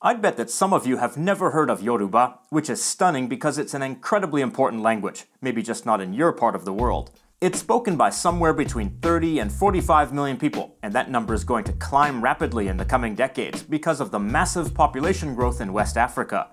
I'd bet that some of you have never heard of Yoruba, which is stunning because it's an incredibly important language, maybe just not in your part of the world. It's spoken by somewhere between 30 and 45 million people, and that number is going to climb rapidly in the coming decades because of the massive population growth in West Africa.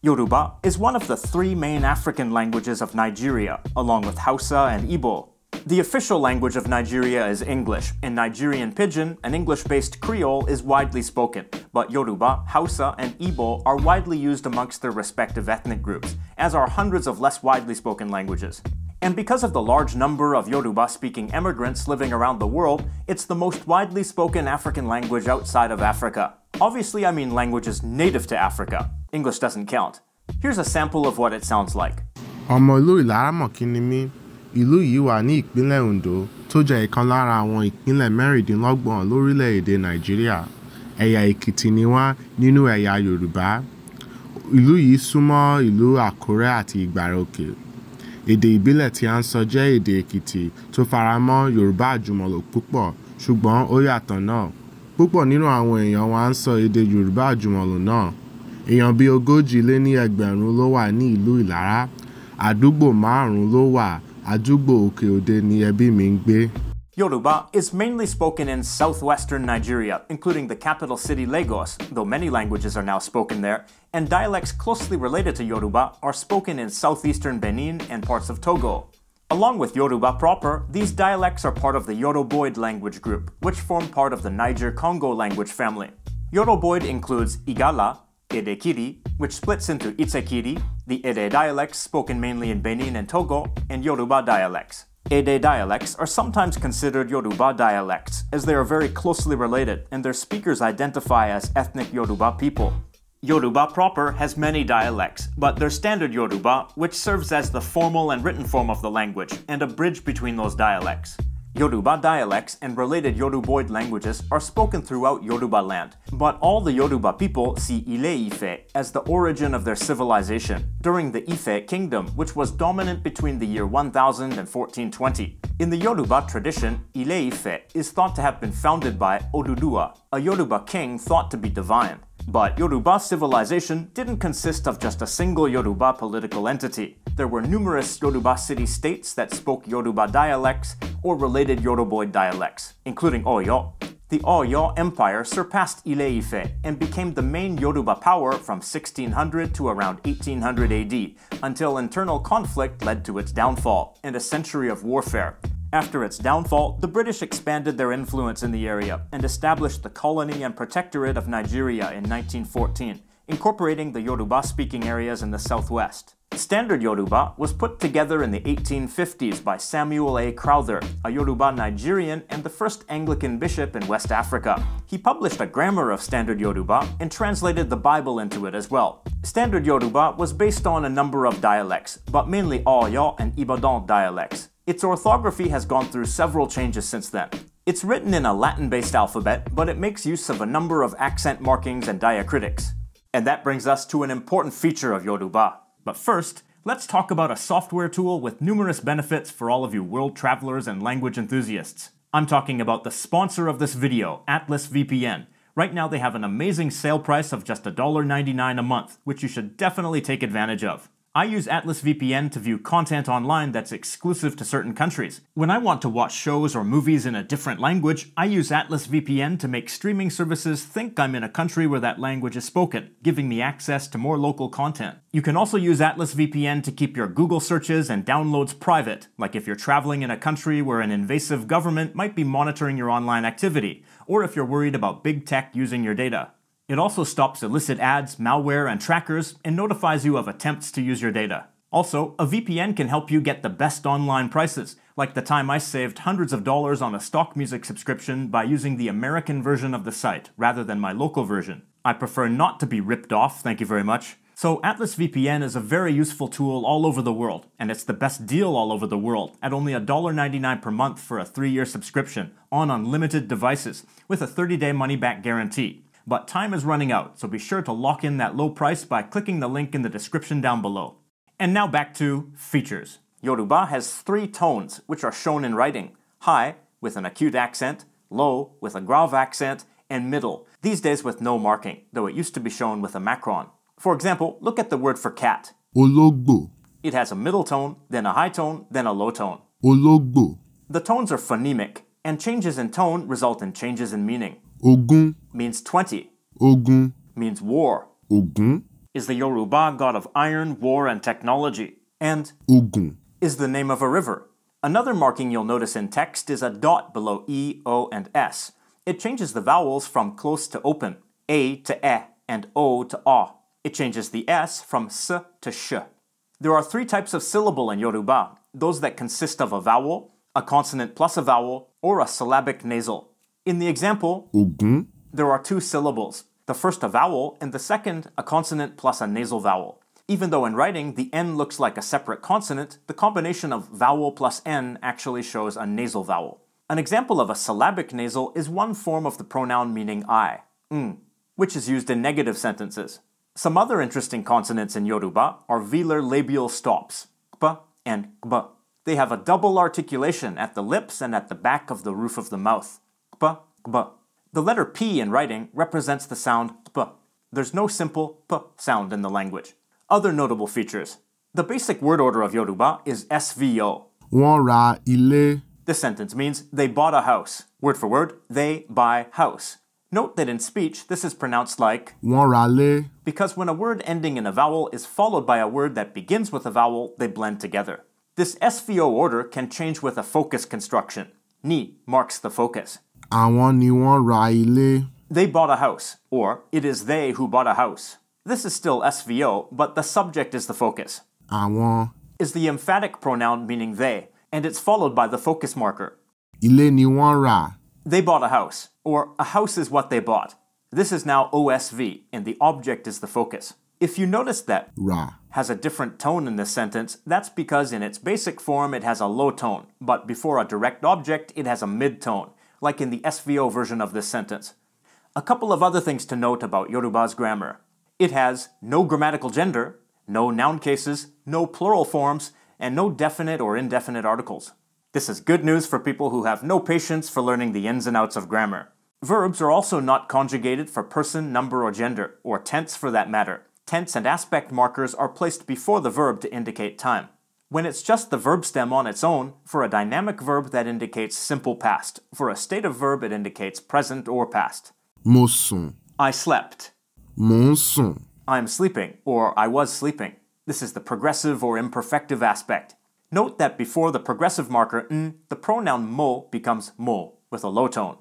Yoruba is one of the three main African languages of Nigeria, along with Hausa and Igbo. The official language of Nigeria is English, and Nigerian Pidgin, an English-based Creole, is widely spoken but Yoruba, Hausa, and Igbo are widely used amongst their respective ethnic groups, as are hundreds of less widely spoken languages. And because of the large number of Yoruba speaking immigrants living around the world, it's the most widely spoken African language outside of Africa. Obviously, I mean languages native to Africa. English doesn't count. Here's a sample of what it sounds like. ẹ̀yà Èkìtì ni wá nínú ẹ̀yà Yorùbá. Ìlú yìí súnmọ́ ìlú Àkúrẹ́ àti Ìgbára-Òkè. Èdè ìbílẹ̀ tí à ń sọ jẹ́ èdè Èkìtì tó faramọ́ Yorùbá àjùmọ̀lò púpọ̀ ṣùgbọ́n ó yàtọ̀ náà. Púpọ̀ nínú àwọn èèyàn wa ń sọ èdè Yorùbá àjùmọ̀lò náà. Èèyàn bíi ogójì lé ní ẹgbẹ̀rún ló wà ní ìlú Ìlara. Àdúgbò márùn-ún ló wà. Àdúgbò Òkè Òde ni ẹbí mi ń gbé. Yoruba is mainly spoken in southwestern Nigeria, including the capital city Lagos, though many languages are now spoken there, and dialects closely related to Yoruba are spoken in southeastern Benin and parts of Togo. Along with Yoruba proper, these dialects are part of the Yoruboid language group, which form part of the Niger-Congo language family. Yoruboid includes Igala, Edekiri, which splits into Itsekiri, the Ede dialects spoken mainly in Benin and Togo, and Yoruba dialects. Ede dialects are sometimes considered Yoruba dialects, as they are very closely related and their speakers identify as ethnic Yoruba people. Yoruba proper has many dialects, but there's standard Yoruba, which serves as the formal and written form of the language and a bridge between those dialects. Yoruba dialects and related Yoruboid languages are spoken throughout Yoruba land, but all the Yoruba people see Ile Ife as the origin of their civilization, during the Ife kingdom, which was dominant between the year 1000 and 1420. In the Yoruba tradition, Ile Ife is thought to have been founded by Oduduwa, a Yoruba king thought to be divine. But Yoruba civilization didn't consist of just a single Yoruba political entity. There were numerous Yoruba city-states that spoke Yoruba dialects or related Yoruboid dialects, including Oyo. The Oyo Empire surpassed Ile-Ife and became the main Yoruba power from 1600 to around 1800 AD, until internal conflict led to its downfall and a century of warfare, after its downfall, the British expanded their influence in the area and established the Colony and Protectorate of Nigeria in 1914, incorporating the Yoruba-speaking areas in the southwest. Standard Yoruba was put together in the 1850s by Samuel A. Crowther, a Yoruba Nigerian and the first Anglican bishop in West Africa. He published a grammar of Standard Yoruba and translated the Bible into it as well. Standard Yoruba was based on a number of dialects, but mainly Oyo and Ibadan dialects. Its orthography has gone through several changes since then. It's written in a Latin-based alphabet, but it makes use of a number of accent markings and diacritics. And that brings us to an important feature of Yoruba. But first, let's talk about a software tool with numerous benefits for all of you world travelers and language enthusiasts. I'm talking about the sponsor of this video, Atlas VPN. Right now they have an amazing sale price of just $1.99 a month, which you should definitely take advantage of. I use Atlas VPN to view content online that's exclusive to certain countries. When I want to watch shows or movies in a different language, I use Atlas VPN to make streaming services think I'm in a country where that language is spoken, giving me access to more local content. You can also use Atlas VPN to keep your Google searches and downloads private, like if you're traveling in a country where an invasive government might be monitoring your online activity, or if you're worried about big tech using your data. It also stops illicit ads, malware, and trackers, and notifies you of attempts to use your data. Also, a VPN can help you get the best online prices, like the time I saved hundreds of dollars on a stock music subscription by using the American version of the site rather than my local version. I prefer not to be ripped off, thank you very much. So Atlas VPN is a very useful tool all over the world, and it's the best deal all over the world, at only $1.99 per month for a three-year subscription, on unlimited devices, with a 30-day money-back guarantee but time is running out, so be sure to lock in that low price by clicking the link in the description down below. And now back to features. Yoruba has three tones, which are shown in writing. High, with an acute accent, low, with a grave accent, and middle, these days with no marking, though it used to be shown with a macron. For example, look at the word for cat. Ologbo. It has a middle tone, then a high tone, then a low tone. Ologbo. The tones are phonemic, and changes in tone result in changes in meaning. Ogun means 20. Ogun means war. Ogun is the Yoruba god of iron, war, and technology. And Ogun is the name of a river. Another marking you'll notice in text is a dot below E, O, and S. It changes the vowels from close to open, A to E, and O to A. It changes the S from S to Sh. There are three types of syllable in Yoruba, those that consist of a vowel, a consonant plus a vowel, or a syllabic nasal. In the example, mm-hmm. there are two syllables, the first a vowel and the second a consonant plus a nasal vowel. Even though in writing the N looks like a separate consonant, the combination of vowel plus N actually shows a nasal vowel. An example of a syllabic nasal is one form of the pronoun meaning I, ng, mm, which is used in negative sentences. Some other interesting consonants in Yoruba are velar labial stops, kp and gb. They have a double articulation at the lips and at the back of the roof of the mouth gb, gb. The letter p in writing represents the sound p. There's no simple p sound in the language. Other notable features. The basic word order of Yoruba is SVO. Wọ́n ra ilé. This sentence means they bought a house. Word for word, they buy house. Note that in speech, this is pronounced like Wọ́n ra lé. Because when a word ending in a vowel is followed by a word that begins with a vowel, they blend together. This SVO order can change with a focus construction. Ni marks the focus. Àwọn ni wọ́n ra ilé. They bought a house, or it is they who bought a house. This is still SVO, but the subject is the focus. Àwọn is the emphatic pronoun meaning they, and it's followed by the focus marker. Ilé ni wọ́n rà. They bought a house, or a house is what they bought. This is now OSV, and the object is the focus. If you notice that ra has a different tone in this sentence, that's because in its basic form it has a low tone, but before a direct object it has a mid tone like in the SVO version of this sentence. A couple of other things to note about Yoruba's grammar. It has no grammatical gender, no noun cases, no plural forms, and no definite or indefinite articles. This is good news for people who have no patience for learning the ins and outs of grammar. Verbs are also not conjugated for person, number, or gender, or tense for that matter. Tense and aspect markers are placed before the verb to indicate time when it's just the verb stem on its own, for a dynamic verb that indicates simple past. For a state of verb, it indicates present or past. Mon I slept. Mon I'm sleeping, or I was sleeping. This is the progressive or imperfective aspect. Note that before the progressive marker n, the pronoun mo becomes mo, with a low tone.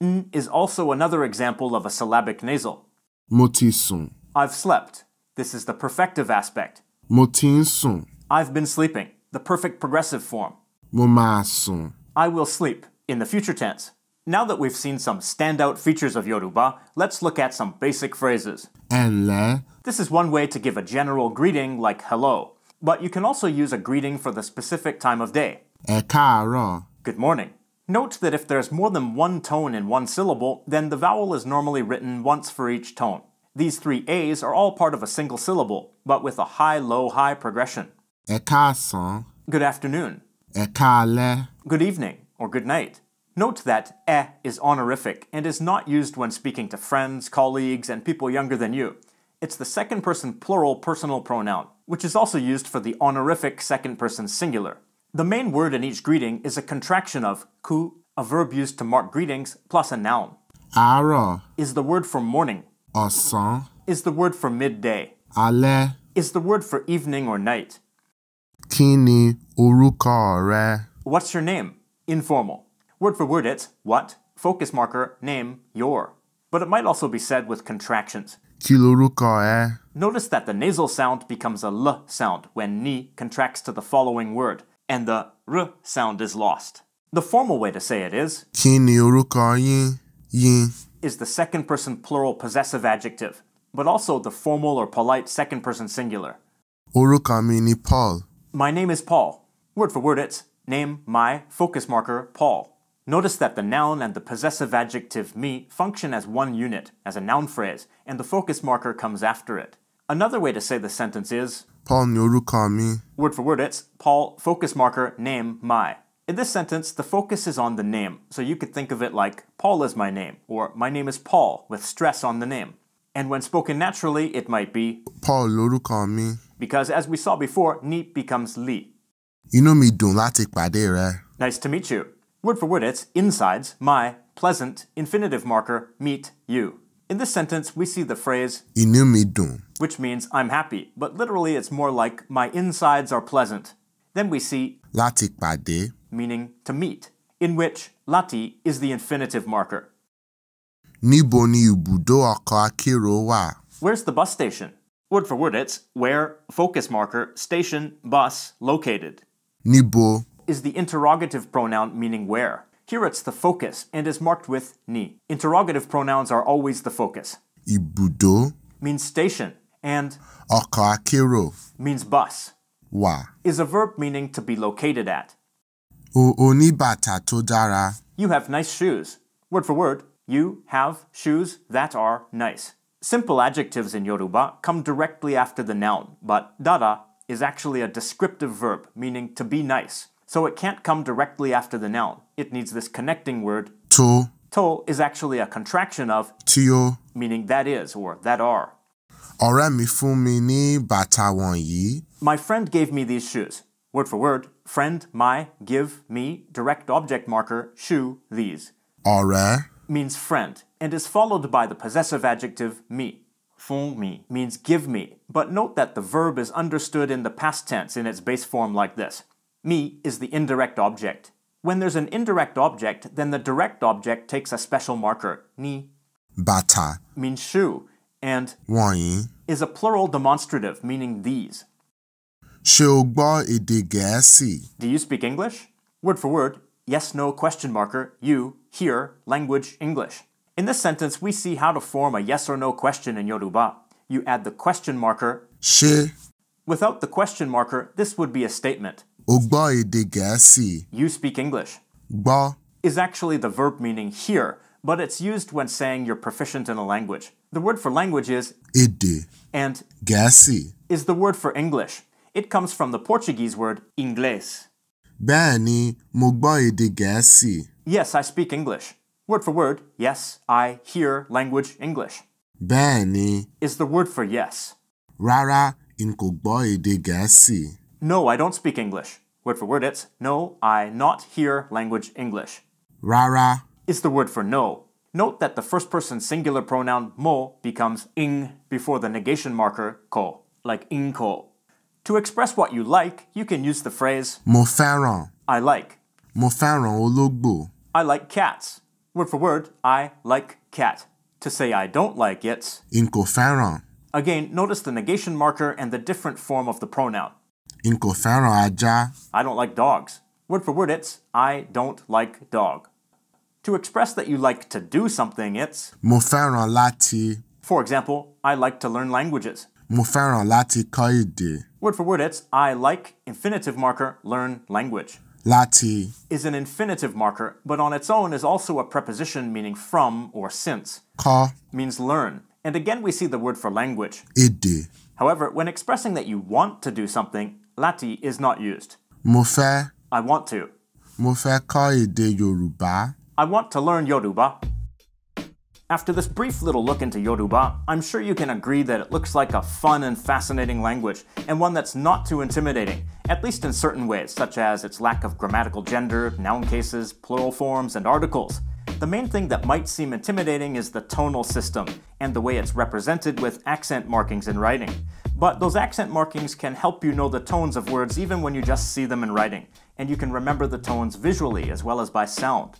N is also another example of a syllabic nasal. Motisson. I've slept. This is the perfective aspect. Motisson. I've been sleeping, the perfect progressive form. Womasu. I will sleep, in the future tense. Now that we've seen some standout features of Yoruba, let's look at some basic phrases. Ele. This is one way to give a general greeting like hello, but you can also use a greeting for the specific time of day. Ekaro. Good morning. Note that if there's more than one tone in one syllable, then the vowel is normally written once for each tone. These three A's are all part of a single syllable, but with a high-low-high -high progression son. Good afternoon. le. Good evening or good night. Note that e eh is honorific and is not used when speaking to friends, colleagues, and people younger than you. It's the second person plural personal pronoun, which is also used for the honorific second person singular. The main word in each greeting is a contraction of ku, a verb used to mark greetings, plus a noun. Ara is the word for morning. Asan is the word for midday. Ale is the word for evening or night. Kini Re. What's your name? Informal. Word for word, it's what, focus marker, name, your. But it might also be said with contractions. Kiluruka E. Notice that the nasal sound becomes a L sound when ni contracts to the following word, and the R sound is lost. The formal way to say it is Kini uruka Yin Yin is the second person plural possessive adjective, but also the formal or polite second person singular. Uruka meaning Paul. My name is Paul. Word for word it's name, my, focus marker, Paul. Notice that the noun and the possessive adjective me function as one unit, as a noun phrase, and the focus marker comes after it. Another way to say the sentence is Paul Nyoruka me. Word for word it's Paul, focus marker, name, my. In this sentence, the focus is on the name, so you could think of it like Paul is my name, or my name is Paul, with stress on the name. And when spoken naturally, it might be Because as we saw before, ni becomes li. You Inú mi dùn láti pàdé right? Nice to meet you. Word for word, it's insides, my, pleasant, infinitive marker, meet, you. In this sentence, we see the phrase Which means I'm happy, but literally it's more like my insides are pleasant. Then we see láti pàdé, meaning to meet, in which lati is the infinitive marker. Níbo ni ibùdó ọkọ̀ akérò wà? Where's the bus station? Word for word, it's where, focus marker, station, bus, located. Níbo is the interrogative pronoun meaning where. Here it's the focus and is marked with ni. Interrogative pronouns are always the focus. Ibùdó means station and ọkọ̀ means bus. Wà is a verb meaning to be located at. O oníbàtà tó You have nice shoes. Word for word, you have shoes that are nice. Simple adjectives in Yoruba come directly after the noun, but dada is actually a descriptive verb, meaning to be nice. So it can't come directly after the noun. It needs this connecting word to. To is actually a contraction of tio, meaning that is or that are. Ọ̀rẹ́ mi fún mi ní bàtà wọ̀nyí. My friend gave me these shoes. Word for word, friend, my, give, me, direct object marker, shoe, these. Ọ̀rẹ́ means friend and is followed by the possessive adjective me. Fong mi means give me, but note that the verb is understood in the past tense in its base form like this. Me is the indirect object. When there's an indirect object, then the direct object takes a special marker, ni. Bata means shoe, and Wangyi is a plural demonstrative meaning these. Do you speak English? Word for word, yes, no, question marker, you, here language English. In this sentence, we see how to form a yes or no question in Yoruba. You add the question marker She. Without the question marker, this would be a statement. You speak English. is actually the verb meaning here, but it's used when saying you're proficient in a language. The word for language is èdè and Gẹ̀ẹ́sì is the word for English. It comes from the Portuguese word inglês. èdè Yes, I speak English. Word for word, yes, I hear language English. Bani Is the word for yes. Rárá, n kò No, I don't speak English. Word for word, it's no, I not hear language English. Rárá. Is the word for no. Note that the first person singular pronoun mo becomes ing before the negation marker ko, like ingko. To express what you like, you can use the phrase mo I like. Mo ológbò. I like cats. Word for word, I like cat. To say I don't like it. Incoferon. Again, notice the negation marker and the different form of the pronoun. Incoferon aja. I don't like dogs. Word for word, it's I don't like dog. To express that you like to do something, it's Mo láti. For example, I like to learn languages. Mo láti kọ́ Word for word, it's I like infinitive marker learn language láti. is an infinitive marker, but on its own is also a preposition meaning from or since. ka means learn. And again, we see the word for language. Ide. However, when expressing that you want to do something, láti is not used. Mo fẹ́. I want to. Mo fẹ́ kọ́ ide Yorùbá. I want to learn Yoruba. After this brief little look into Yoruba, I'm sure you can agree that it looks like a fun and fascinating language, and one that's not too intimidating, at least in certain ways, such as its lack of grammatical gender, noun cases, plural forms, and articles. The main thing that might seem intimidating is the tonal system, and the way it's represented with accent markings in writing. But those accent markings can help you know the tones of words even when you just see them in writing, and you can remember the tones visually as well as by sound.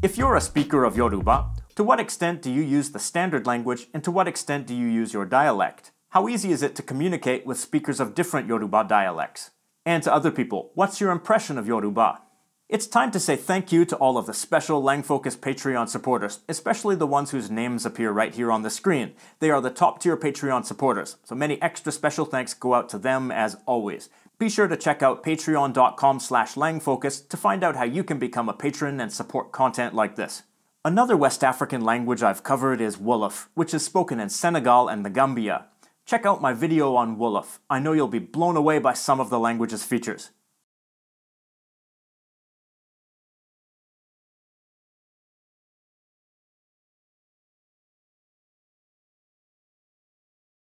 If you're a speaker of Yoruba, to what extent do you use the standard language and to what extent do you use your dialect? How easy is it to communicate with speakers of different Yoruba dialects? And to other people, what's your impression of Yoruba? It's time to say thank you to all of the special LangFocus Patreon supporters, especially the ones whose names appear right here on the screen. They are the top tier Patreon supporters, so many extra special thanks go out to them as always. Be sure to check out patreon.com slash langfocus to find out how you can become a patron and support content like this. Another West African language I've covered is Wolof, which is spoken in Senegal and the Gambia. Check out my video on Wolof. I know you'll be blown away by some of the language's features.